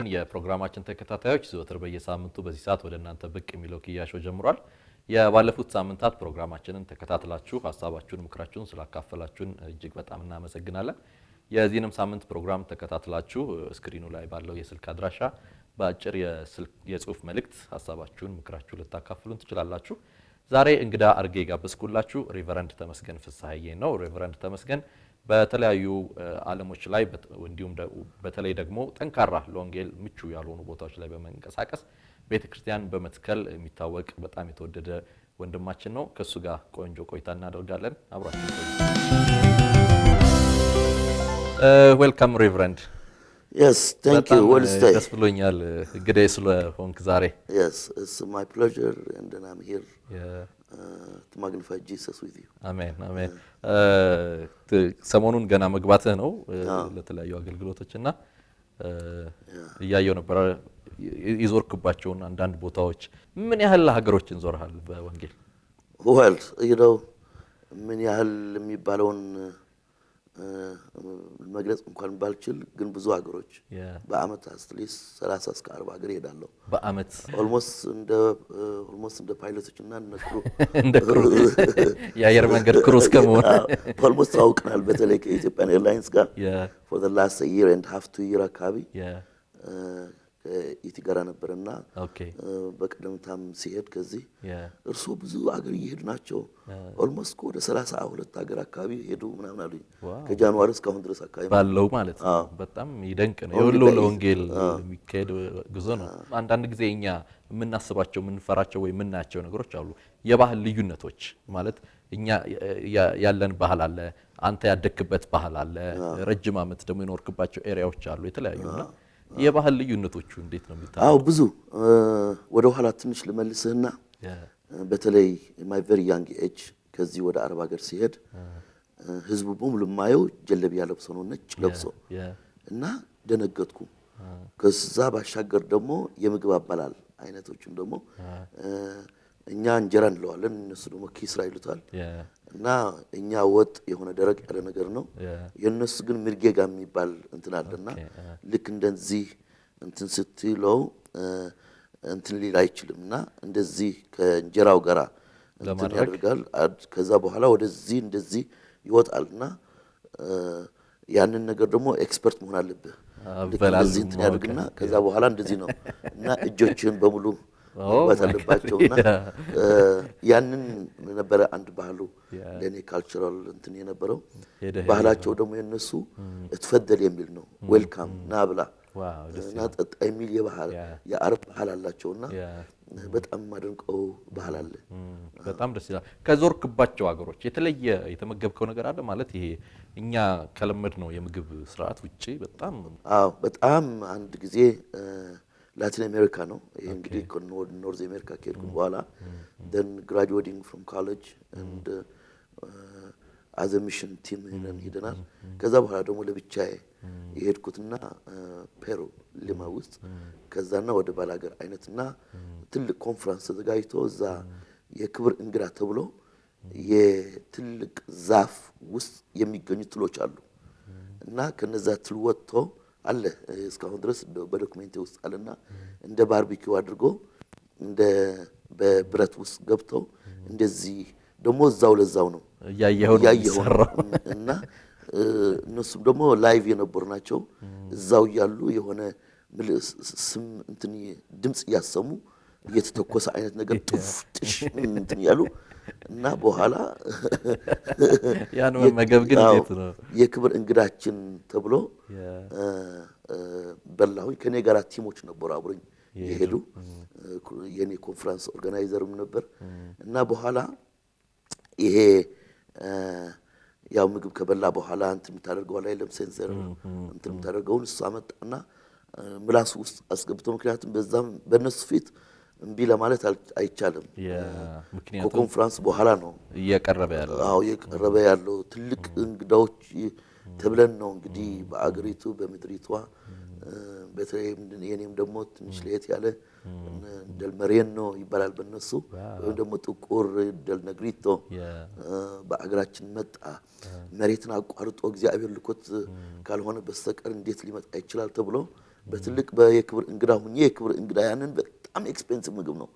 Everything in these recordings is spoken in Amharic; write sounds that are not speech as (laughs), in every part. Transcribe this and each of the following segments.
ይስጥልን የፕሮግራማችን ተከታታዮች ዘወትር በየሳምንቱ በዚህ ሰዓት ወደ እናንተ ብቅ የሚለው ክያሾ ጀምሯል። የባለፉት ሳምንታት ፕሮግራማችንን ተከታትላችሁ ሀሳባችሁን፣ ምክራችሁን ስላካፈላችሁን እጅግ በጣም እናመሰግናለን። የዚህንም ሳምንት ፕሮግራም ተከታትላችሁ ስክሪኑ ላይ ባለው የስልክ አድራሻ በአጭር የጽሁፍ መልእክት ሀሳባችሁን፣ ምክራችሁ ልታካፍሉን ትችላላችሁ። ዛሬ እንግዳ አርጌ ጋበስኩላችሁ ሬቨረንድ ተመስገን ፍስሀዬ ነው። ሬቨረንድ ተመስገን በተለያዩ አለሞች ላይ እንዲሁም በተለይ ደግሞ ጠንካራ ለወንጌል ምቹ ያልሆኑ ቦታዎች ላይ በመንቀሳቀስ ቤተክርስቲያን በመትከል የሚታወቅ በጣም የተወደደ ወንድማችን ነው። ከእሱ ጋር ቆንጆ ቆይታ እናደርጋለን። አብራችሁ ዌልካም ሬቨረንድ። ደስ ብሎኛል እንግዲህ ስለሆንክ ዛሬ to magnify Jesus with you አሜን አሜን። ሰሞኑን ገና መግባትህ ነው ለተለያዩ አገልግሎቶች እና እያየው ነበረ የዞርክባቸውን አንዳንድ ቦታዎች። ምን ያህል ሀገሮችን ዞርሃል በወንጌል? ዌል ምን ያህል የሚባለውን መግለጽ እንኳን ባልችል ግን ብዙ ሀገሮች በአመት አስትሊስ 30 እስከ 40 ሀገር እሄዳለሁ። በአመት ኦልሞስት እንደ ኦልሞስት እንደ ፓይለቶች እና (laughs) እንደ ክሩ (laughs) የአየር መንገድ ክሩ እስከ ኦልሞስት አውቅናል። በተለይ ከኢትዮጵያን ኤርላይንስ ጋር ፎር ዘ ላስት ኢየር ኤንድ ሃፍ ቱ ኢየር አካባቢ ከኢቲ ጋራ ነበረና በቀደምታም ሲሄድ ከዚህ እርሶ ብዙ አገር እየሄዱ ናቸው። ኦልሞስት ወደ ሰላሳ ሁለት ሀገር አካባቢ ሄዱ ምናምን አሉኝ። ከጃንዋሪ እስካሁን ድረስ አካባቢ ባለው ማለት ነው። በጣም ይደንቅ ነው። የወሎ ለወንጌል የሚካሄድ ጉዞ ነው። አንዳንድ ጊዜ እኛ የምናስባቸው የምንፈራቸው ወይ የምናያቸው ነገሮች አሉ። የባህል ልዩነቶች ማለት እኛ ያለን ባህል አለ፣ አንተ ያደግክበት ባህል አለ፣ ረጅም ዓመት ደግሞ የኖርክባቸው ኤሪያዎች አሉ የተለያዩ የባህል ልዩነቶቹ እንዴት ነው የሚታ? አዎ ብዙ ወደ ኋላ ትንሽ ልመልስህና በተለይ ማይ ቨሪ ያንግ ኤጅ ከዚህ ወደ አረብ ሀገር ሲሄድ ህዝቡ በሙሉ የማየው ጀለቢያ ለብሶ ነው ነጭ ለብሶ እና ደነገጥኩ። ከዛ ባሻገር ደግሞ የምግብ አበላል አይነቶችም ደግሞ እኛ እንጀራ እንለዋለን፣ እነሱ ደግሞ ኪስራ ይሉታል። እና እኛ ወጥ የሆነ ደረቅ ያለ ነገር ነው። የእነሱ ግን ምርጌጋ የሚባል እንትን አለና ልክ እንደዚህ እንትን ስትለው እንትን ሊል አይችልም እና እንደዚህ ከእንጀራው ጋራ እንትን ያደርጋል። ከዛ በኋላ ወደዚህ እንደዚህ ይወጣል እና ያንን ነገር ደግሞ ኤክስፐርት መሆን አለብህ። ልክ እንደዚህ እንትን ያደርግና ከዛ በኋላ እንደዚህ ነው እና እጆችን በሙሉ መግባት አለባቸውና ያንን ነበረ አንድ ባህሉ ለእኔ ካልቸራል እንትን የነበረው። ባህላቸው ደግሞ የነሱ እትፈደል የሚል ነው። ዌልካም ናብላ እና ጠጣ የሚል የባህል የአረብ ባህል አላቸውና በጣም ማደንቀው ባህል አለ። በጣም ደስ ይላል። ከዞርክባቸው ሀገሮች የተለየ የተመገብከው ነገር አለ ማለት ይሄ እኛ ከለመድ ነው የምግብ ስርዓት ውጭ በጣም አዎ፣ በጣም አንድ ጊዜ ላቲን አሜሪካ ነው። ይሄ እንግዲህ ኖርዝ አሜሪካ ከሄድኩ በኋላ ን ግራጁዌቲንግ ፍሮም ኮሌጅ አንድ አዘ ሚሽን ቲም ነን ሄደናል። ከዛ በኋላ ደግሞ ለብቻዬ የሄድኩትና uh, ፔሩ ሊማ ውስጥ ከዛና ወደ ባላገር አይነትና ትልቅ ኮንፈረንስ ተዘጋጅቶ እዛ የክብር እንግዳ ተብሎ የትልቅ ዛፍ ውስጥ የሚገኙ ትሎች አሉ እና ከነዛ ትል ወጥቶ አለ እስካሁን ድረስ በዶክሜንቴ ውስጥ አለና እንደ ባርቢኪው አድርጎ እንደ በብረት ውስጥ ገብተው እንደዚህ ደግሞ እዛው ለዛው ነው እያየኸው እና እነሱም ደግሞ ላይቭ የነበሩ ናቸው። እዛው እያሉ የሆነ ስም እንትን ድምፅ እያሰሙ እየተተኮሰ አይነት ነገር ጥፍጥሽ እንትን ያሉ እና በኋላ (laughs) ያን መመገብ ግን ነው የክብር እንግዳችን ተብሎ በላሁኝ። ከኔ ጋር ቲሞች ነበሩ አብሮኝ የሄዱ የኔ ኮንፈረንስ ኦርጋናይዘርም ነበር እና በኋላ ይሄ ያው ምግብ ከበላ በኋላ እንትን የምታደርገው ላይ ለም ሴንሰር እንትን የምታደርገውን እሱ አመጣና ምላሱ ውስጥ አስገብቶ ምክንያቱም በዛም በእነሱ ፊት እምቢ ለማለት አይቻልም። ከኮንፍራንስ በኋላ ነው እየቀረበ ያለው። እየቀረበ ያለው ትልቅ እንግዳዎች ተብለን ነው እንግዲህ በአገሪቱ በምድሪቷ በተለይ የኔም ደግሞ ትንሽ ለየት ያለ ደልመሬን ነው ይባላል በነሱ ወይም ደግሞ ጥቁር ደልነግሪቶ በአገራችን መጣ። መሬትን አቋርጦ እግዚአብሔር ልኮት ካልሆነ በስተቀር እንዴት ሊመጣ ይችላል ተብሎ በትልቅ የክብር እንግዳ ሁኜ የክብር እንግዳ ያንን በጣም ኤክስፔንሲቭ ምግብ ነው።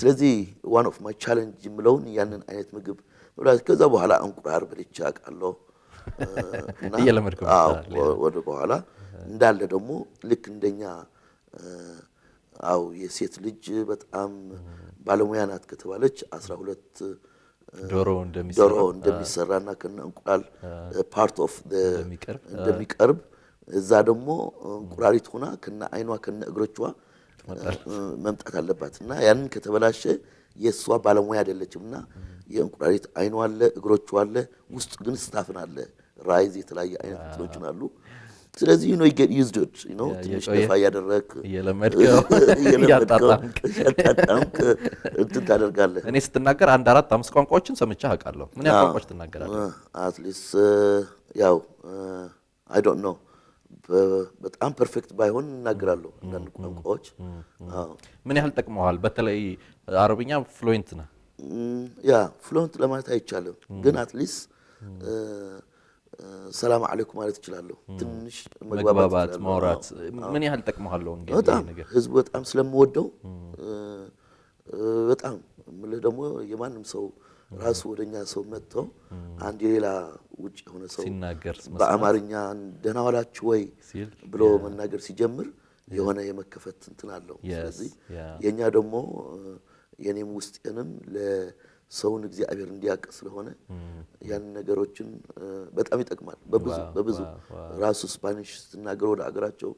ስለዚህ ዋን ኦፍ ማይ ቻለንጅ የምለውን ያንን አይነት ምግብ መብላት። ከዛ በኋላ እንቁራር በልቼ አውቃለሁ። (laughs) ወደ በኋላ እንዳለ ደግሞ ልክ እንደኛ አው የሴት ልጅ በጣም ባለሙያ ናት ከተባለች አስራ ሁለት ዶሮ እንደሚሰራና ከነ እንቁላል ፓርት ኦፍ እንደሚቀርብ እዛ ደግሞ እንቁራሪት ሆና ከነ አይኗ ከነ እግሮቿ መምጣት አለባት እና ያንን ከተበላሸ የእሷ ባለሙያ አይደለችም እና የእንቁራሪት አይኑ አለ፣ እግሮቹ አለ፣ ውስጥ ግን ስታፍን አለ ራይዝ የተለያየ አይነት እንትኖችን አሉ። ስለዚህ ነው ዩዝዶች ነው ትንሽ ደፋ እያደረግ (laughs) እያጣጣምክ እንትን ታደርጋለህ። እኔ ስትናገር አንድ አራት አምስት ቋንቋዎችን ሰምቼ አውቃለሁ። ምን ያህል ቋንቋዎች ትናገራለህ? አትሊስት ያው አይ ዶንት ኖ በጣም ፐርፌክት ባይሆን እናገራለሁ አንዳንድ ቋንቋዎች። ምን ያህል ጠቅመዋል? በተለይ አረብኛ ፍሉዌንት ነ ያ ፍሉዌንት ለማለት አይቻልም፣ ግን አትሊስት ሰላም አለይኩም ማለት እችላለሁ። ትንሽ መግባባት ማውራት ምን ያህል ጠቅመዋለሁ? በጣም ህዝቡ በጣም ስለምወደው በጣም ምልህ ደግሞ የማንም ሰው ራሱ ወደ እኛ ሰው መጥቶ አንድ የሌላ ውጭ የሆነ ሰው በአማርኛ ደህና ዋላችሁ ወይ ብሎ መናገር ሲጀምር የሆነ የመከፈት እንትን አለው። ስለዚህ የእኛ ደግሞ የኔም ውስጤንም ለሰውን እግዚአብሔር እንዲያውቅ ስለሆነ ያን ነገሮችን በጣም ይጠቅማል። በብዙ በብዙ ራሱ ስፓኒሽ ስትናገር ወደ አገራቸው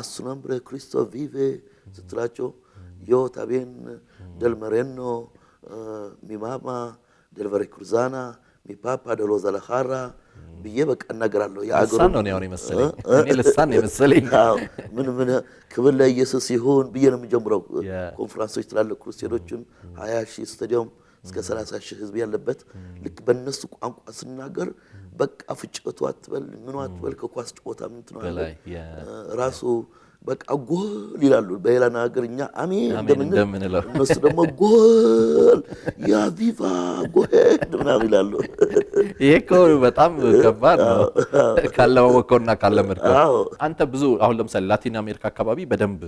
አሱናምብረ ክሪስቶ ቪቬ ስትላቸው ዮ ታቤን ደልመሬኖ ሚማማ ዴልቨሪ ክሩዛና ሚፓፓ ደሎዛ ለኻራ ብዬ በቃ እናገራለሁ። ልሳን ነው ምን ምን ክብር ለኢየሱስ ይሁን ብዬ ነው የምጀምረው። ኮንፍራንሶች ትላልቅ ክርስቲያኖችን ሀያ ሺህ ስታዲየም እስከ ሰላሳ ሺህ ህዝብ ያለበት ልክ በእነሱ ቋንቋ ስናገር በቃ ፍጭቱ አትበል ምኑ አትበል ከኳስ ጨዋታ ምንትነ ራሱ በቃ ጎል ይላሉ። በሌላ ሀገር እኛ አሜን እንደምንለው እነሱ ደግሞ ጎል ያቪቫ ጎሄድ ምናምን ይላሉ። ይሄ እኮ በጣም ከባድ ነው ካለማወቀውና ካለመድከው። አንተ ብዙ አሁን ለምሳሌ ላቲን አሜሪካ አካባቢ በደንብ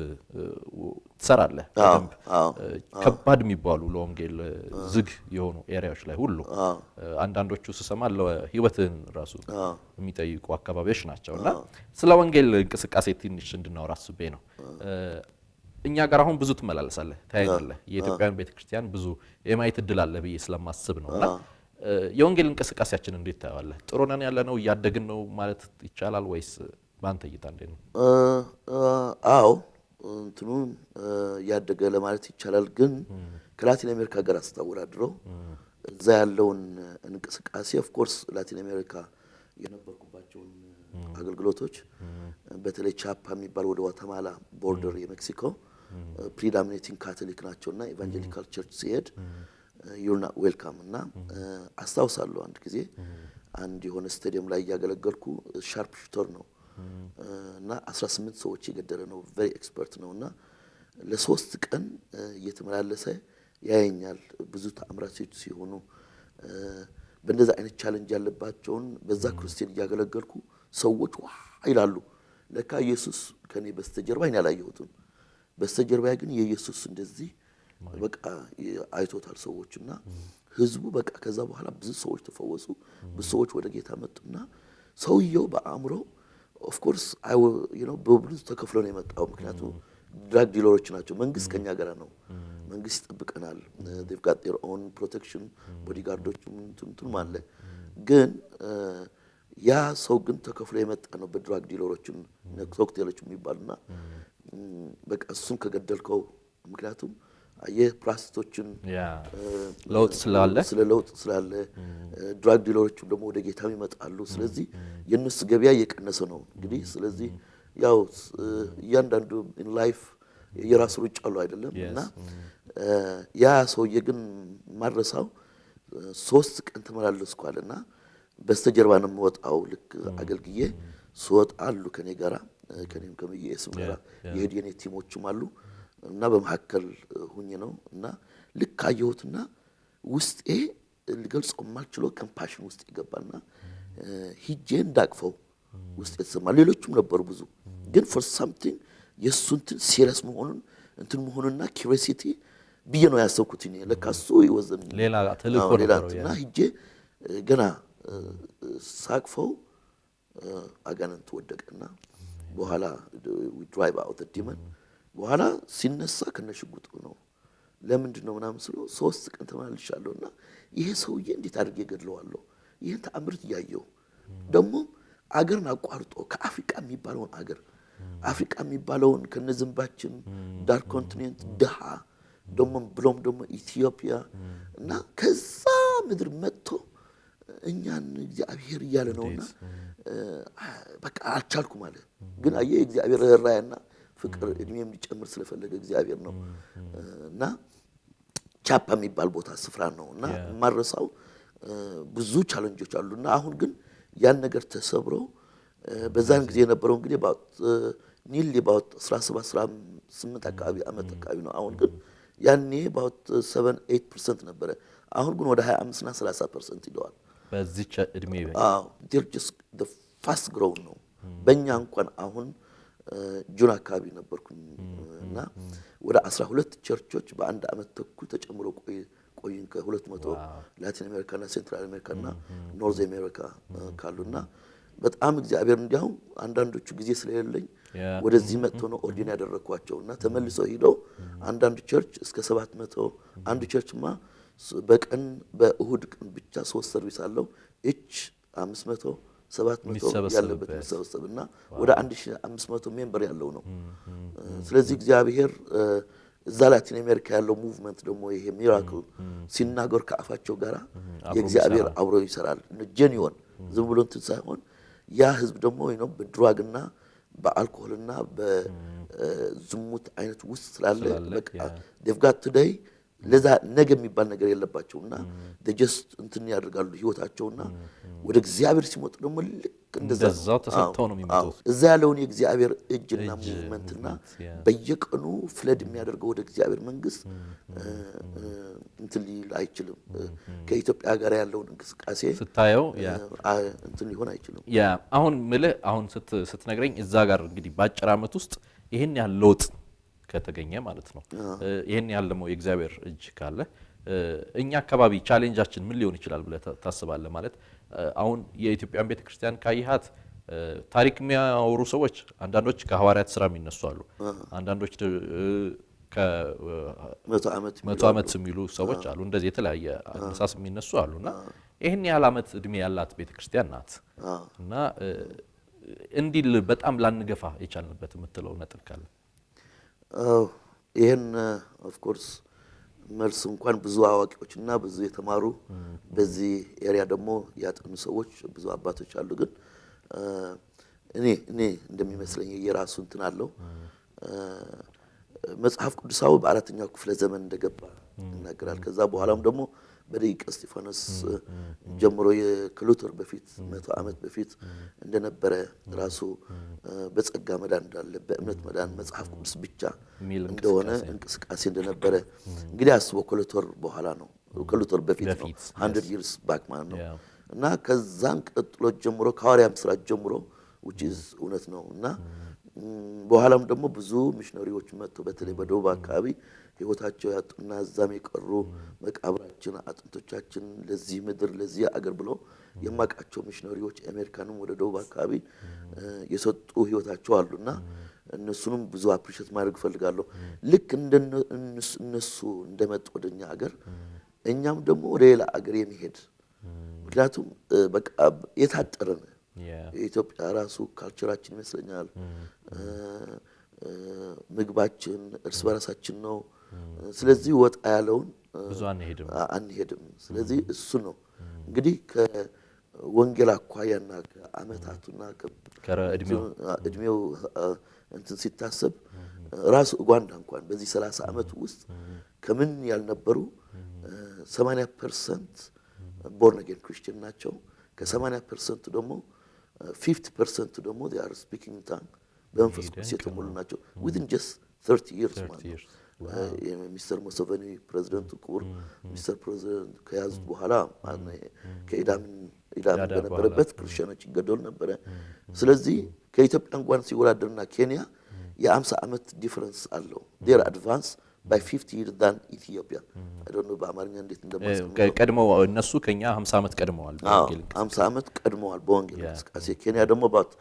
ትሰራለህ። በደንብ ከባድ የሚባሉ ለወንጌል ዝግ የሆኑ ኤሪያዎች ላይ ሁሉ አንዳንዶቹ ስሰማ ህይወትን ራሱ የሚጠይቁ አካባቢዎች ናቸው። እና ስለ ወንጌል እንቅስቃሴ ትንሽ እንድናወራ አስቤ ነው። እኛ ጋር አሁን ብዙ ትመላለሳለህ፣ ታያለህ። የኢትዮጵያን ቤተክርስቲያን ብዙ የማየት እድል አለ ብዬ ስለማስብ ነው እና የወንጌል እንቅስቃሴያችን እንዴት ታየዋለህ? ጥሩ ነን ያለ ነው እያደግን ነው ማለት ይቻላል ወይስ በአንተ እይታ እንዴት ነው? አዎ እንትኑ እያደገ ለማለት ይቻላል። ግን ከላቲን አሜሪካ ጋር ስታወዳድረው እዛ ያለውን እንቅስቃሴ ኦፍኮርስ ላቲን አሜሪካ የነበርኩባቸውን አገልግሎቶች በተለይ ቻፓ የሚባል ወደ ዋተማላ ቦርደር የሜክሲኮ ፕሪዳሚኔቲንግ ካቶሊክ ናቸው እና ቸርች ሲሄድ ዩርና ዌልካም እና አስታውሳለሁ አንድ ጊዜ አንድ የሆነ ስታዲየም ላይ እያገለገልኩ ሻርፕ ሹተር ነው እና አስራ ስምንት ሰዎች የገደለ ነው። ቨሪ ኤክስፐርት ነው እና ለሶስት ቀን እየተመላለሰ ያየኛል። ብዙ ተአምራቶች ሲሆኑ በእንደዛ አይነት ቻለንጅ ያለባቸውን በዛ ክርስቲያን እያገለገልኩ ሰዎች ዋ ይላሉ። ለካ ኢየሱስ ከኔ በስተጀርባ እኔ ያላየሁትም በስተጀርባ ግን የኢየሱስ እንደዚህ በቃ አይቶታል ሰዎች እና ህዝቡ በቃ ከዛ በኋላ ብዙ ሰዎች ተፈወሱ። ብዙ ሰዎች ወደ ጌታ መጡና ሰውየው በአእምሮ ኦፍኮርስ በብዙ ተከፍሎ ነው የመጣው። ምክንያቱ ድራግ ዲለሮች ናቸው። መንግስት ከኛ ጋር ነው። መንግስት ይጠብቀናል። ዜቭ ጋት ዜር ኦን ፕሮቴክሽን ቦዲጋርዶች ትምትም አለ። ግን ያ ሰው ግን ተከፍሎ የመጣ ነው በድራግ ዲለሮችን ኮክቴሎች የሚባሉና በቃ እሱን ከገደልከው ምክንያቱም ይህ ፕላስቶችን ለውጥ ስላለ ስለ ለውጥ ስላለ ድራግ ዲለሮችም ደግሞ ወደ ጌታም ይመጣሉ። ስለዚህ የእነሱ ገበያ እየቀነሰ ነው። እንግዲህ ስለዚህ ያው እያንዳንዱ ላይፍ የራሱ ሩጫ አሉ አይደለም እና ያ ሰውዬ ግን ማድረሳው ሶስት ቀን ተመላለስኳል እና በስተጀርባ ነው የምወጣው። ልክ አገልግዬ ስወጣ አሉ ከኔ ጋራ ከኔም ከምዬ ስም ጋራ የሄድ የኔ ቲሞችም አሉ እና በመካከል ሁኝ ነው እና ልክ ካየሁትና ውስጤ ልገልጸው የማልችለው ከምፓሽን ውስጥ ይገባና ሂጄ እንዳቅፈው ውስጥ የተሰማ ሌሎቹም ነበሩ ብዙ ግን ፎር ሳምቲንግ የእሱ እንትን ሲሪየስ መሆኑን እንትን መሆኑና ኪሪሲቲ ብዬ ነው ያሰብኩት። ለካ እሱ ይወዘም ሂጄ ገና ሳቅፈው አጋንንት ወደቀና በኋላ ዊ ድራይቭ አውት ዲመን በኋላ ሲነሳ ከነሽጉጡ ነው። ለምንድን ነው ምናምን ስለው ሶስት ቀን ተመላልሻለሁ እና ይሄ ሰውዬ እንዴት አድርጌ ገድለዋለሁ? ይህን ተአምርት እያየሁ ደግሞ አገርን አቋርጦ ከአፍሪቃ የሚባለውን አገር አፍሪቃ የሚባለውን ከነዝንባችን ዳር ኮንቲኔንት ድሃ ደሞ ብሎም ደሞ ኢትዮጵያ እና ከዛ ምድር መጥቶ እኛን እግዚአብሔር እያለ ነውና በቃ አልቻልኩም ማለት ግን አየ እግዚአብሔር ራያና ፍቅር እድሜ እንዲጨምር ስለፈለገ እግዚአብሔር ነው እና ቻፓ የሚባል ቦታ ስፍራ ነው እና ማረሳው ብዙ ቻለንጆች አሉ እና አሁን ግን ያን ነገር ተሰብሮ በዛን ጊዜ የነበረው እንግዲህ ኒል ባወት 1718 አካባቢ አመት አካባቢ ነው። አሁን ግን ያኔ ባወት 78 ፐርሰንት ነበረ። አሁን ግን ወደ 25ና 30 ፐርሰንት ይለዋል። በዚች እድሜ ፋስት ግሮውን ነው በእኛ እንኳን አሁን ጁን አካባቢ ነበርኩኝ እና ወደ አስራ ሁለት ቸርቾች በአንድ አመት ተኩል ተጨምሮ ቆይን። ከሁለት መቶ ላቲን ና ሴንትራል ና ኖርዝ አሜሪካ ና በጣም እግዚአብሔር እንዲያውም አንዳንዶቹ ጊዜ ስለሌለኝ ወደዚህ መጥቶ ነው ኦርዲን ያደረግኳቸው እና ተመልሰው ሂደው አንዳንድ ቸርች እስከ ሰባት መቶ አንድ ማ በቀን በእሁድ ቀን ብቻ ሶስት ሰርቪስ አለው እች አምስት መቶ ሰባት መቶ ያለበት የሚሰበሰብ እና ወደ 1500 ሜምበር ያለው ነው። ስለዚህ እግዚአብሔር እዛ ላቲን አሜሪካ ያለው ሙቭመንት ደግሞ ይሄ ሚራክል ሲናገር ከአፋቸው ጋራ የእግዚአብሔር አብሮ ይሰራል። ጀኒዮን ዝም ብሎ እንትን ሳይሆን ያ ህዝብ ደግሞ ነው በድራግና በአልኮሆልና በዝሙት አይነት ውስጥ ስላለ በቃ ደፍጋት ቱደይ ለዛ ነገ የሚባል ነገር የለባቸውና ደጀስት እንትን ያደርጋሉ ህይወታቸውና ወደ እግዚአብሔር ሲመጡ ደግሞ ልክ ተሰጥተው ነው የሚመጡት። እዛ ያለውን የእግዚአብሔር እጅና ሙቭመንትና በየቀኑ ፍለድ የሚያደርገው ወደ እግዚአብሔር መንግስት እንትን ሊል አይችልም። ከኢትዮጵያ ጋር ያለውን እንቅስቃሴ ስታየው እንትን ሊሆን አይችልም። አሁን ምልህ አሁን ስትነግረኝ እዛ ጋር እንግዲህ በአጭር ዓመት ውስጥ ይህን ያህል ለውጥ ከተገኘ ማለት ነው። ይህን ያህል ደግሞ የእግዚአብሔር እጅ ካለ እኛ አካባቢ ቻሌንጃችን ምን ሊሆን ይችላል ብለህ ታስባለህ? ማለት አሁን የኢትዮጵያን ቤተ ክርስቲያን ካይሃት ታሪክ የሚያወሩ ሰዎች አንዳንዶች ከሐዋርያት ስራ የሚነሱ አሉ። አንዳንዶች ከመቶ ዓመት የሚሉ ሰዎች አሉ። እንደዚህ የተለያየ አነሳስ የሚነሱ አሉ እና ይህን ያህል ዓመት እድሜ ያላት ቤተ ክርስቲያን ናት እና እንዲል በጣም ላንገፋ የቻልንበት የምትለው ነጥብ ካለ ይህን ኦፍኮርስ መልስ እንኳን ብዙ አዋቂዎች እና ብዙ የተማሩ በዚህ ኤሪያ ደግሞ ያጠኑ ሰዎች ብዙ አባቶች አሉ። ግን እኔ እኔ እንደሚመስለኝ የራሱ እንትን አለው። መጽሐፍ ቅዱሳዊ በአራተኛው ክፍለ ዘመን እንደገባ ይናገራል። ከዛ በኋላም ደግሞ በደቂቀ እስጢፋኖስ ጀምሮ የክሉትር በፊት መቶ ዓመት በፊት እንደነበረ ራሱ በጸጋ መዳን እንዳለ በእምነት መዳን መጽሐፍ ቅዱስ ብቻ እንደሆነ እንቅስቃሴ እንደነበረ እንግዲህ አስቦ ክሉትር በኋላ ነው ክሉትር በፊት ነው ሀንድርድ ይርስ ባክ ማለት ነው። እና ከዛን ቀጥሎ ጀምሮ ከሐዋርያም ስራ ጀምሮ ውጪ እውነት ነው እና በኋላም ደግሞ ብዙ ሚሽነሪዎች መጥቶ በተለይ በደቡብ አካባቢ ህይወታቸው ያጡና እዛም የቀሩ መቃብራችን አጥንቶቻችን ለዚህ ምድር ለዚህ አገር ብሎ የማውቃቸው ሚሽነሪዎች አሜሪካንም ወደ ደቡብ አካባቢ የሰጡ ህይወታቸው አሉና እነሱንም ብዙ አፕሪሼት ማድረግ እፈልጋለሁ። ልክ እነሱ እንደመጡ ወደኛ አገር እኛም ደግሞ ወደ ሌላ አገር የሚሄድ ምክንያቱም በቃ የታጠረን የኢትዮጵያ ራሱ ካልቸራችን ይመስለኛል mm. ምግባችን እርስ በራሳችን ነው። ስለዚህ ወጣ ያለውን አንሄድም። ስለዚህ እሱ ነው እንግዲህ ከወንጌል አኳያና ከአመታቱና እድሜው እንትን ሲታሰብ ራሱ ኡጋንዳ እንኳን በዚህ ሰላሳ ዓመት ውስጥ ከምን ያልነበሩ 80 ፐርሰንት ቦርነጌን ክርስቲያን ናቸው። ከ80 ፐርሰንቱ ደግሞ 50 ፐርሰንቱ ደግሞ ስፒኪንግ ታንግ በመንፈስ ቅዱስ የተሞሉ ናቸው። ዊዝን ጀስት 30 ይርስ ማለት ነው። Eh, ሚስተር ሙሰቨኒ ፕሬዚደንቱ ክቡር ሚስተር ፕሬዚደንት ከያዙት በኋላ ከኢዳምን ኢዳም በነበረበት ክርስቲያኖች ይገደሉ ነበረ። ስለዚህ ከኢትዮጵያ እንኳን ሲወዳደርና ኬንያ የአምሳ ዓመት ዲፍረንስ አለው ዴር አድቫንስ ባይ ፊፍቲ ይር ዳን ኢትዮጵያ በአማርኛ እንዴት እንደማስቀምጠው እነሱ ከኛ ዓመት ቀድመዋል። አዎ ዓመት ቀድመዋል በወንጌል እንቅስቃሴ ኬንያ ደግሞ ባት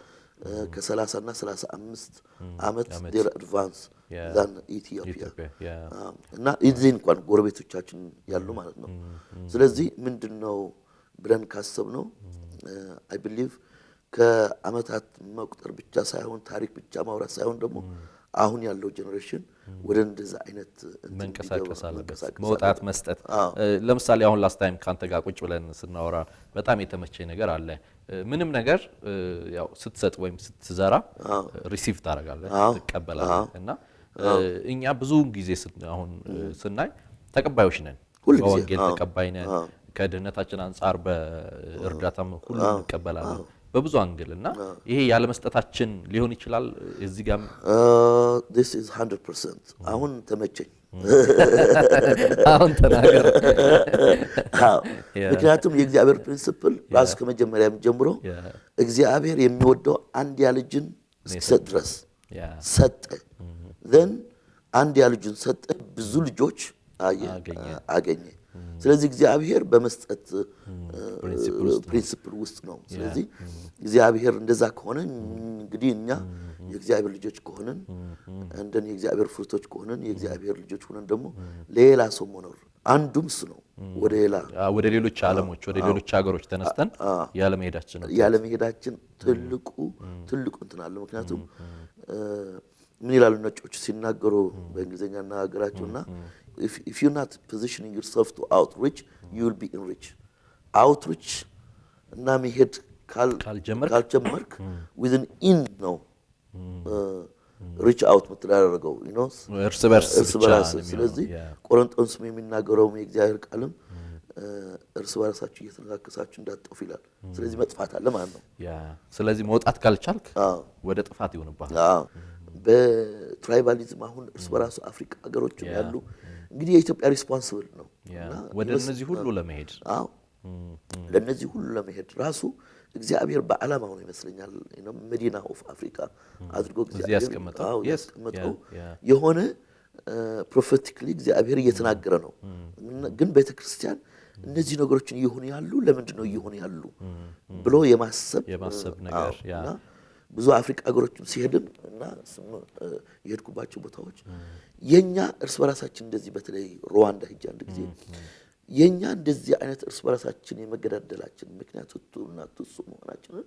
ከ30 እና 35 ዓመት ዴር አድቫንስ ዛን ኢትዮጵያ እና እዚህ እንኳን ጎረቤቶቻችን ያሉ ማለት ነው። ስለዚህ ምንድን ነው ብለን ካሰብ ነው አይ ብሊቭ ከዓመታት መቁጠር ብቻ ሳይሆን ታሪክ ብቻ ማውራት ሳይሆን ደግሞ አሁን ያለው ጄኔሬሽን ወደ እንደዛ አይነት መንቀሳቀስ አለበት፣ መውጣት መስጠት። ለምሳሌ አሁን ላስት ታይም ከአንተ ጋር ቁጭ ብለን ስናወራ በጣም የተመቸኝ ነገር አለ። ምንም ነገር ያው ስትሰጥ ወይም ስትዘራ ሪሲቭ ታደርጋለህ፣ ትቀበላለህ እና እኛ ብዙ ጊዜ አሁን ስናይ ተቀባዮች ነን፣ በወንጌል ተቀባይ ነን። ከድህነታችን አንጻር በእርዳታም ሁሉ እንቀበላለን። በብዙ አንግል እና ይሄ ያለመስጠታችን ሊሆን ይችላል። እዚህ ጋም አሁን ተመቸኝ፣ (laughs) አሁን ተናገር። (laughs) ምክንያቱም የእግዚአብሔር ፕሪንስፕል ራሱ ከመጀመሪያም ጀምሮ እግዚአብሔር የሚወደው አንድ ያልጅን እስኪሰጥ ድረስ ሰጠ። ዘን አንድ ያልጁን ሰጠ፣ ብዙ ልጆች አገኘ። ስለዚህ እግዚአብሔር በመስጠት ፕሪንስፕል ውስጥ ነው። ስለዚህ እግዚአብሔር እንደዛ ከሆነ እንግዲህ እኛ የእግዚአብሔር ልጆች ከሆንን እንደን የእግዚአብሔር ፍርቶች ከሆንን የእግዚአብሔር ልጆች ሆነን ደግሞ ለሌላ ሰው መኖር አንዱም እሱ ነው። ወደ ሌላ ወደ ሌሎች አለሞች ወደ ሌሎች ሀገሮች ተነስተን ያለመሄዳችን ነው ያለመሄዳችን ትልቁ ትልቁ እንትናለ ምክንያቱም ምን ይላሉ ነጮች ሲናገሩ በእንግሊዝኛ እናገራቸውና if, if you're not positioning yourself to outreach, you will be enriched. Outreach እና መሄድ ካልጀመርክ ዊዝን ኢን ነው ሪች አውት የምትደረገው እርስ በርስ። ስለዚህ ቆሮንጦስም የሚናገረውም የእግዚአብሔር ቃልም እርስ በርሳችሁ እየተነካከሳችሁ እንዳትጠፉ ይላል። ስለዚህ መጥፋት አለ ማለት ነው። ስለዚህ መውጣት ካልቻልክ ወደ ጥፋት ይሆንባል። በትራይባሊዝም አሁን እርስ በራሱ አፍሪካ ሀገሮችም ያሉ እንግዲህ የኢትዮጵያ ሪስፖንስብል ነው ወደ እነዚህ ሁሉ ለመሄድ አዎ ለእነዚህ ሁሉ ለመሄድ ራሱ እግዚአብሔር በዓላማው ነው ይመስለኛል መዲና ኦፍ አፍሪካ አድርጎ ያስቀመጠው የሆነ ፕሮፌቲክሊ እግዚአብሔር እየተናገረ ነው። ግን ቤተ ክርስቲያን እነዚህ ነገሮችን እየሆኑ ያሉ ለምንድን ነው እየሆኑ ያሉ ብሎ የማሰብ ነገር ብዙ አፍሪካ ሀገሮችም ሲሄድም እና የሄድኩባቸው ቦታዎች የእኛ እርስ በራሳችን እንደዚህ በተለይ ሩዋንዳ ሂጅ አንድ ጊዜ የእኛ እንደዚህ አይነት እርስ በራሳችን የመገዳደላችን ምክንያት ቱና ትሱ መሆናችንን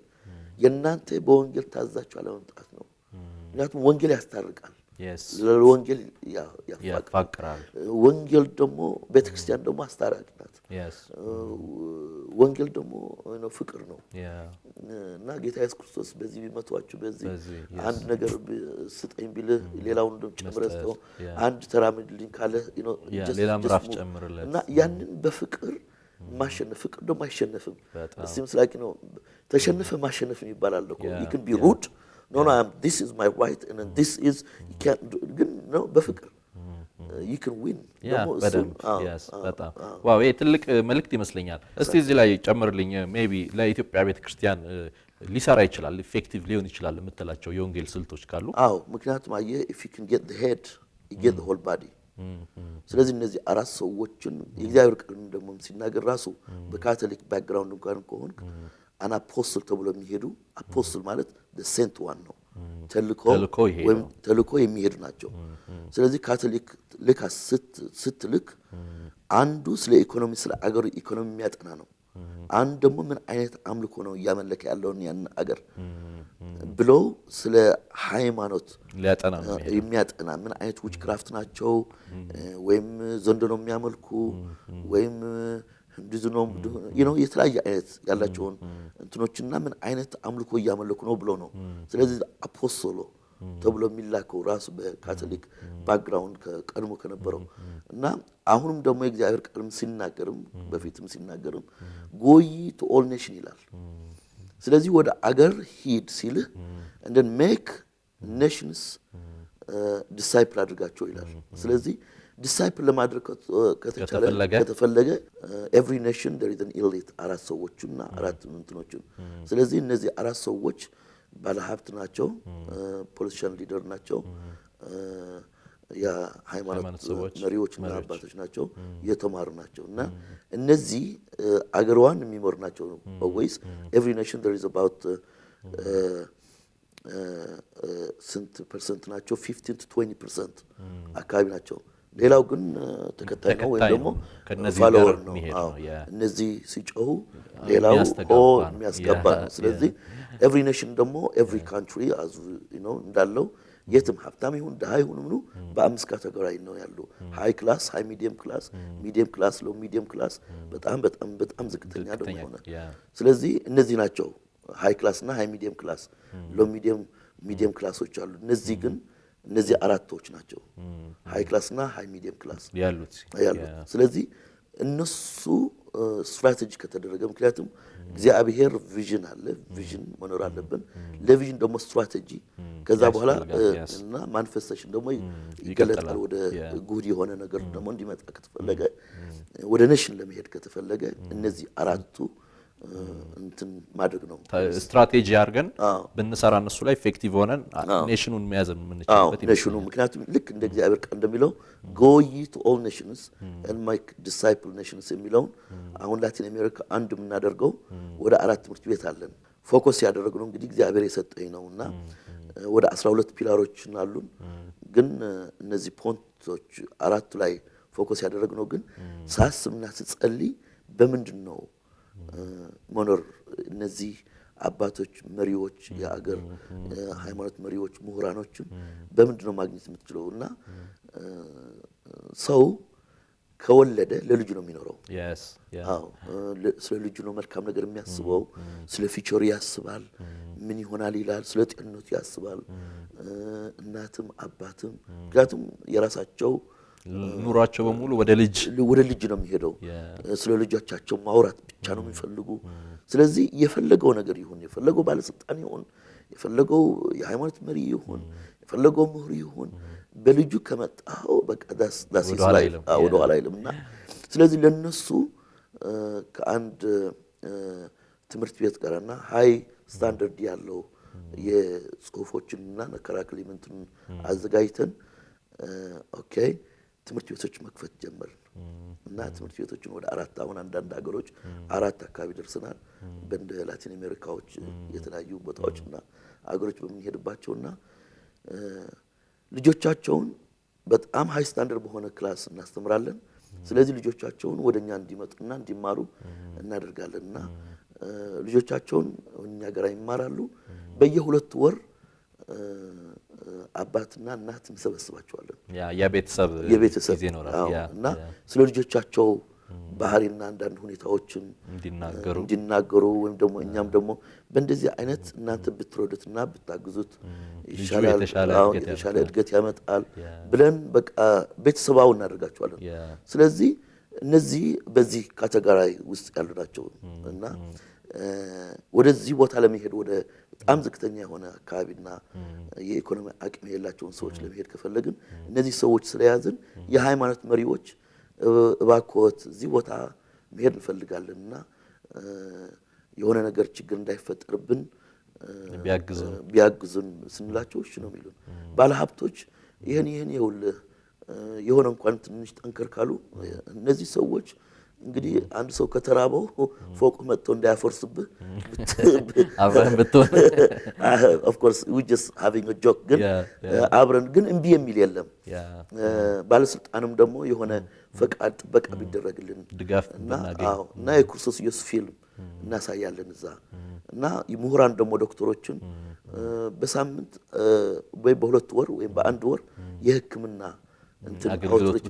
የእናንተ በወንጌል ታዛችሁ አለመምጣት ነው። ምክንያቱም ወንጌል ያስታርቃል። ለወንጌል ያፋቅራል። ወንጌል ደግሞ ቤተክርስቲያን ደግሞ አስታራቂ ናት። ወንጌል ደግሞ ነው ፍቅር ነው እና ጌታ ኢየሱስ ክርስቶስ በዚህ ቢመቷችሁ፣ በዚህ አንድ ነገር ስጠኝ ቢልህ mm. ሌላውን ጨምረህ ስጠው፣ አንድ ተራምድልኝ ካለህ ሌላ ምዕራፍ ጨምርለት እና ያንን በፍቅር mm. ማሸነፍ ፍቅር ደግሞ አይሸነፍም። እስቲ ምስላቂ ነው። ተሸንፈ ማሸነፍ ይባላል እኮ ይክን ቢሩድ ኖ ዲስ ኢዝ ማይ ዋይት ዲስ ግን ነው በፍቅር mm-hmm. ትልቅ መልእክት ይመስለኛል። እስቲ እዚህ ላይ ጨምርልኝ። ሜይ ቢ ለኢትዮጵያ ቤተክርስቲያን ክርስቲያን uh, ሊሰራ ይችላል ኢፌክቲቭ ሊሆን ይችላል የምትላቸው የወንጌል ስልቶች ካሉ። አዎ ምክንያቱም አየህ ኢፍ ዩ ካን ጌት ዘ ሄድ ዩ ጌት ዘ ሆል ባዲ። ስለዚህ እነዚህ አራት ሰዎችን የእግዚአብሔር ቃል ደግሞ ሲናገር ራሱ mm-hmm. በካቶሊክ ባክግራውንድ እንኳን ከሆንክ mm-hmm. አን አፖስትል ተብሎ የሚሄዱ አፖስትል ማለት ሴንት ዋን ነው ተልኮ የሚሄዱ ናቸው። ስለዚህ ካቶሊክ ልካ ስትልክ አንዱ ስለ ኢኮኖሚ ስለ አገሩ ኢኮኖሚ የሚያጠና ነው። አንድ ደግሞ ምን አይነት አምልኮ ነው እያመለከ ያለውን ያን አገር ብለው ስለ ሃይማኖት የሚያጠና ምን አይነት ውጭ ክራፍት ናቸው ወይም ዘንዶ ነው የሚያመልኩ ወይም ዲዝኖም ነው የተለያየ አይነት ያላቸውን እንትኖችና ምን አይነት አምልኮ እያመለኩ ነው ብሎ ነው። ስለዚህ አፖስቶሎ ተብሎ የሚላከው ራሱ በካቶሊክ ባክግራውንድ ከቀድሞ ከነበረው እና አሁንም ደግሞ የእግዚአብሔር ቃልም ሲናገርም በፊትም ሲናገርም ጎይ ቱ ኦል ኔሽን ይላል። ስለዚህ ወደ አገር ሂድ ሲልህ እንደን ሜክ ኔሽንስ ዲሳይፕል አድርጋቸው ይላል። ስለዚህ ዲሳይፕል ለማድረግ ከተፈለገ ኤቭሪ ኔሽን ደሪዘን ኢሊት አራት ሰዎችና አራት ምንትኖችን። ስለዚህ እነዚህ አራት ሰዎች ባለሀብት ናቸው፣ ፖለቲሽን ሊደር ናቸው፣ የሃይማኖት መሪዎችና አባቶች ናቸው፣ የተማሩ ናቸው እና እነዚህ አገርዋን የሚመሩ ናቸው። ወይስ ኤቭሪ ኔሽን ደሪዝ ኢዝ አባውት ስንት ፐርሰንት ናቸው? ፊፍቲን ቱ ትዌንቲ ፐርሰንት አካባቢ ናቸው። ሌላው ግን ተከታይ ነው ወይም ደግሞ ፋሎወር ነው። እነዚህ ሲጮሁ ሌላው ኦ የሚያስገባ ነው። ስለዚህ ኤቭሪ ኔሽን ደግሞ ኤቭሪ ካንትሪ ነው እንዳለው የትም ሀብታም ይሁን ድሃ ይሁን ምኑ በአምስት ካቴጎሪ ነው ያሉ ሀይ ክላስ፣ ሀይ ሚዲየም ክላስ፣ ሚዲየም ክላስ፣ ሎ ሚዲየም ክላስ፣ በጣም በጣም በጣም ዝቅተኛ ደግሞ ሆነ። ስለዚህ እነዚህ ናቸው ሀይ ክላስ እና ሀይ ሚዲየም ክላስ፣ ሎ ሚዲየም ሚዲየም ክላሶች አሉ። እነዚህ ግን እነዚህ አራቶች ናቸው ሀይ ክላስ ና ሀይ ሚዲየም ክላስ ያሉት። ስለዚህ እነሱ ስትራቴጂ ከተደረገ ምክንያቱም እግዚአብሔር ቪዥን አለ። ቪዥን መኖር አለብን። ለቪዥን ደግሞ ስትራቴጂ ከዛ በኋላ እና ማንፌስቴሽን ደግሞ ይገለጣል። ወደ ጉድ የሆነ ነገር ደግሞ እንዲመጣ ከተፈለገ ወደ ኔሽን ለመሄድ ከተፈለገ እነዚህ አራቱ እንትን ማድረግ ነው። ስትራቴጂ አድርገን ብንሰራ እነሱ ላይ ኢፌክቲቭ ሆነን ኔሽኑን መያዝ የምንችልበት ኔሽኑ ምክንያቱም ልክ እንደ እግዚአብሔር ቃል እንደሚለው ጎይ ቱ ኦል ኔሽንስ ኤንድ ማይክ ዲሳይፕል ኔሽንስ የሚለውን አሁን ላቲን አሜሪካ አንድ የምናደርገው ወደ አራት ትምህርት ቤት አለን። ፎከስ ነው እንግዲህ እግዚአብሔር የሰጠኝ ነው እና ወደ 12 ፒላሮችን አሉን። ግን እነዚህ ፖንቶች አራቱ ላይ ፎከስ ነው ግን ሳስብና ስጸልይ በምንድን ነው መኖር እነዚህ አባቶች፣ መሪዎች፣ የአገር ሃይማኖት መሪዎች፣ ምሁራኖችን በምንድን ነው ማግኘት የምትችለው? እና ሰው ከወለደ ለልጁ ነው የሚኖረው። ስለ ልጁ ነው መልካም ነገር የሚያስበው። ስለ ፊቸሩ ያስባል። ምን ይሆናል ይላል። ስለ ጤንነቱ ያስባል። እናትም አባትም ምክንያቱም የራሳቸው ኑሯቸው በሙሉ ወደ ልጅ ወደ ልጅ ነው የሚሄደው። ስለ ልጆቻቸው ማውራት ብቻ ነው የሚፈልጉ። ስለዚህ የፈለገው ነገር ይሁን፣ የፈለገው ባለስልጣን ይሁን፣ የፈለገው የሃይማኖት መሪ ይሁን፣ የፈለገው ምሁር ይሁን በልጁ ከመጣው በቃ ዳሴስ አይልም እና ስለዚህ ለነሱ ከአንድ ትምህርት ቤት ጋርና ሀይ ስታንደርድ ያለው የጽሁፎችንና ምንትን አዘጋጅተን ኦኬ ትምህርት ቤቶች መክፈት ጀመርን እና ትምህርት ቤቶችን ወደ አራት አሁን አንዳንድ ሀገሮች አራት አካባቢ ደርሰናል። በእንደ ላቲን አሜሪካዎች የተለያዩ ቦታዎች እና ሀገሮች በምንሄድባቸው እና ልጆቻቸውን በጣም ሀይ ስታንደርድ በሆነ ክላስ እናስተምራለን። ስለዚህ ልጆቻቸውን ወደ እኛ እንዲመጡና እንዲማሩ እናደርጋለን እና ልጆቻቸውን እኛ ጋር ይማራሉ በየሁለት ወር አባትና እናት እንሰበስባቸዋለን። የቤተሰብ የቤተሰብ እና ስለ ልጆቻቸው ባህሪና አንዳንድ ሁኔታዎችን እንዲናገሩ ወይም ደግሞ እኛም ደግሞ በእንደዚህ አይነት እናንተ ብትረዱትና ብታግዙት ይሻላል፣ የተሻለ እድገት ያመጣል ብለን በቃ ቤተሰባው እናደርጋቸዋለን። ስለዚህ እነዚህ በዚህ ካተጋራይ ውስጥ ያሉ ናቸው እና ወደዚህ ቦታ ለመሄድ ወደ በጣም ዝቅተኛ የሆነ አካባቢና የኢኮኖሚ አቅም የሌላቸውን ሰዎች ለመሄድ ከፈለግን እነዚህ ሰዎች ስለያዝን የሃይማኖት መሪዎች እባክዎት እዚህ ቦታ መሄድ እንፈልጋለን እና የሆነ ነገር ችግር እንዳይፈጠርብን ቢያግዙን ስንላቸው እሺ ነው የሚሉን። ባለሀብቶች ይህን ይህን የውልህ የሆነ እንኳን ትንሽ ጠንከር ካሉ እነዚህ ሰዎች እንግዲህ አንድ ሰው ከተራበው ፎቅ መጥቶ እንዳያፈርሱብህ አብረን ብትሆን ኦፍኮርስ ጆክ ግን አብረን ግን እምቢ የሚል የለም። ባለስልጣንም ደግሞ የሆነ ፈቃድ ጥበቃ mm. ቢደረግልን እና mm. የክርስቶስ ኢየሱስ ፊልም mm. እናሳያለን እዛ እና ምሁራን ደግሞ ዶክተሮችን በሳምንት ወይ በሁለት ወር ወይም በአንድ ወር የህክምና አውቶች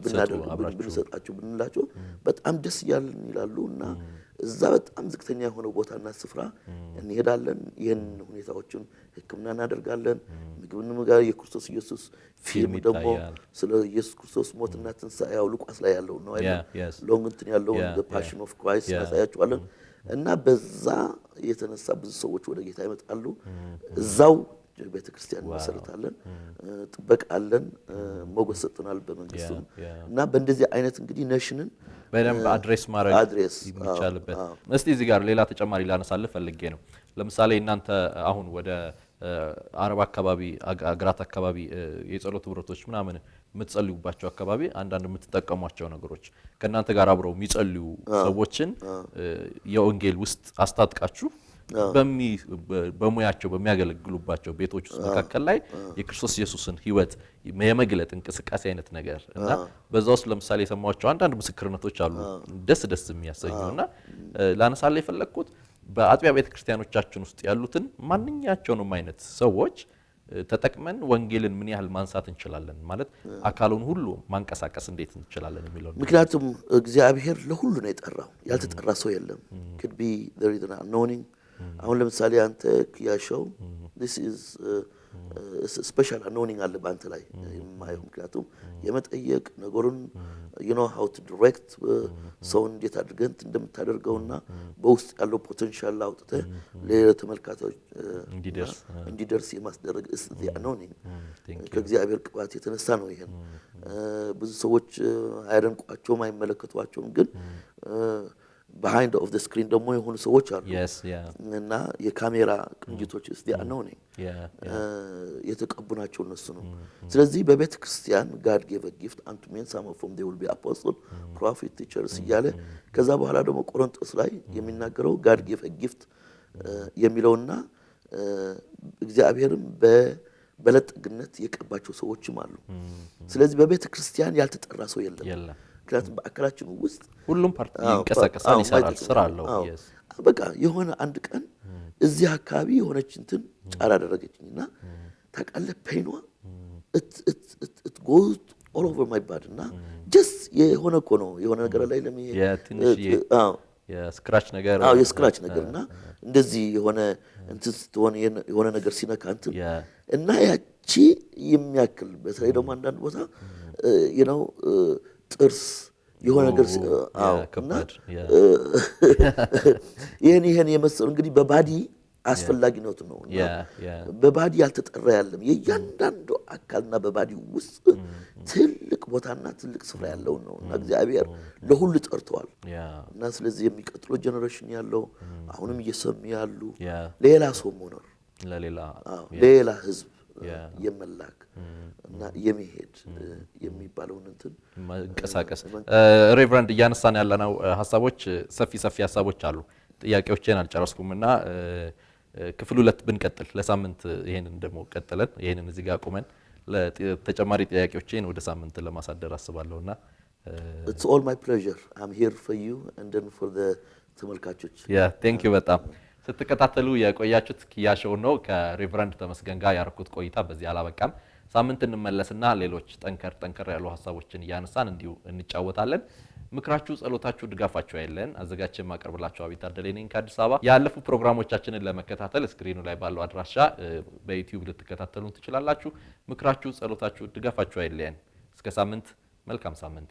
ብንሰጣቸው ብንላቸው በጣም ደስ እያለን ይላሉ እና እዛ በጣም ዝቅተኛ የሆነ ቦታና ስፍራ እንሄዳለን። ይህን ሁኔታዎችን ሕክምና እናደርጋለን። ምግብ ንምጋር የክርስቶስ ኢየሱስ ፊልም ደግሞ ስለ ኢየሱስ ክርስቶስ ሞትና ትንሣኤ ያው ሉቃስ ላይ ያለውን ነው ሎንግ እንትን ያለውን ፓሽን ኦፍ ክራይስት እናሳያቸዋለን እና በዛ የተነሳ ብዙ ሰዎች ወደ ጌታ ይመጣሉ mm-hmm. እዛው ቤተ ክርስቲያን እንመሰርታለን፣ ጥበቃ አለን፣ ሞገስ ሰጥቶናል በመንግስቱ እና በእንደዚህ አይነት እንግዲህ ነሽንን በደንብ አድሬስ ማድረግ አድሬስ የሚቻልበት። እስቲ እዚህ ጋር ሌላ ተጨማሪ ላነሳልህ ፈልጌ ነው። ለምሳሌ እናንተ አሁን ወደ አረብ አካባቢ አገራት አካባቢ የጸሎት ህብረቶች ምናምን የምትጸልዩባቸው አካባቢ አንዳንድ የምትጠቀሟቸው ነገሮች ከእናንተ ጋር አብረው የሚጸልዩ ሰዎችን የወንጌል ውስጥ አስታጥቃችሁ በሙያቸው በሚያገለግሉባቸው ቤቶች ውስጥ መካከል ላይ የክርስቶስ ኢየሱስን ህይወት የመግለጥ እንቅስቃሴ አይነት ነገር እና በዛ ውስጥ ለምሳሌ የሰማቸው አንዳንድ ምስክርነቶች አሉ፣ ደስ ደስ የሚያሰኙ እና ላነሳላ የፈለግኩት በአጥቢያ ቤተ ክርስቲያኖቻችን ውስጥ ያሉትን ማንኛቸውንም አይነት ሰዎች ተጠቅመን ወንጌልን ምን ያህል ማንሳት እንችላለን፣ ማለት አካሉን ሁሉ ማንቀሳቀስ እንዴት እንችላለን የሚለው ምክንያቱም እግዚአብሔር ለሁሉ ነው የጠራው። ያልተጠራ ሰው የለም። አሁን ለምሳሌ አንተ ያሸው ስፔሻል አኖኒንግ አለ በአንተ ላይ የማየው። ምክንያቱም የመጠየቅ ነገሩን ዩኖ ሀው ቱ ዲሬክት ሰውን እንዴት አድርገህ እንደምታደርገውና በውስጥ ያለው ፖቴንሻል አውጥተህ ሌላ ተመልካቾች uh, uh, እንዲደርስ የማስደረግ እስ አኖኒንግ mm. mm. ከእግዚአብሔር ቅባት የተነሳ ነው። ይሄን mm. uh, ብዙ ሰዎች አያደንቋቸውም፣ አይመለከቷቸውም ግን በሃይንድ ኦፍ ስክሪን ደግሞ የሆኑ ሰዎች አሉ እና የካሜራ ቅንጅቶች ስ ነው ነ የተቀቡ ናቸው እነሱ ነው። mm-hmm. ስለዚህ በቤተ ክርስቲያን ጋድ ጌቨ ጊፍት አንቱ ሜን ሳም ፎም ዴ ውል ቢ አፖስቶል ፕሮፌት ቲቸርስ እያለ ከዛ በኋላ ደግሞ ቆሮንጦስ ላይ mm-hmm. የሚናገረው ጋድ ጌቨ ጊፍት የሚለውና እግዚአብሔርም በለጠግነት የቀባቸው ሰዎችም አሉ። mm-hmm. ስለዚህ በቤተ ክርስቲያን ያልተጠራ ሰው የለም። ምክንያቱም በአካላችን ውስጥ ሁሉም ፓርቲ ይንቀሳቀሳል፣ ይሰራል፣ ስራ አለው። በቃ የሆነ አንድ ቀን እዚህ አካባቢ የሆነች እንትን ጫር አደረገችኝ እና ታውቃለህ ፔኗ እት ጎዝ ኦል ኦቨር ማይ ባድ እና ጀስ የሆነ እኮ ነው የሆነ ነገር ላይ የስክራች ነገር የስክራች ነገር እና እንደዚህ የሆነ እንትን ስትሆን የሆነ ነገር ሲነካ እንትን እና ያቺ የሚያክል በተለይ ደግሞ አንዳንድ ቦታ ነው ጥርስ የሆነ ነገር ይህን ይህን የመሰሉ እንግዲህ በባዲ አስፈላጊነቱ ነው በባዲ ያልተጠራ ያለም የእያንዳንዱ አካልና በባዲ ውስጥ ትልቅ ቦታና ትልቅ ስፍራ ያለው ነው እና እግዚአብሔር ለሁሉ ጠርተዋል እና ስለዚህ የሚቀጥለው ጀኔሬሽን ያለው አሁንም እየሰሙ ያሉ ሌላ ሰው መኖር ለሌላ ህዝብ የመላክ mm. እና የመሄድ mm. uh, የሚባለውን እንትን mm. uh, መንቀሳቀስ። ሬቨረንድ uh, እያነሳን ያለነው ሀሳቦች ሰፊ ሰፊ ሀሳቦች አሉ። ጥያቄዎችን አልጨረስኩም እና ክፍል ሁለት ብንቀጥል ለሳምንት ይህንን ደግሞ ቀጥለን ይህንን እዚህ ጋር ቁመን ተጨማሪ ጥያቄዎችን ወደ ሳምንት ለማሳደር እና ኢትስ ኦል ማይ ፕሌዠር አም ሂር ፎር ዩ ኤንድ ፎር ተመልካቾች ያ ቴንክ ዩ በጣም ስትከታተሉ የቆያችሁት ኪያሾውን ነው። ከሬቨረንድ ተመስገን ጋር ያደረኩት ቆይታ በዚህ አላበቃም። ሳምንት እንመለስና ሌሎች ጠንከር ጠንከር ያሉ ሀሳቦችን እያነሳን እንዲሁ እንጫወታለን። ምክራችሁ፣ ጸሎታችሁ፣ ድጋፋችሁ አይለን። አዘጋጅ ማቀርብላችሁ አቤት አደሌ ነኝ ከአዲስ አበባ። ያለፉ ፕሮግራሞቻችንን ለመከታተል ስክሪኑ ላይ ባለው አድራሻ በዩቲዩብ ልትከታተሉን ትችላላችሁ። ምክራችሁ፣ ጸሎታችሁ፣ ድጋፋችሁ አይለን። እስከ ሳምንት፣ መልካም ሳምንት።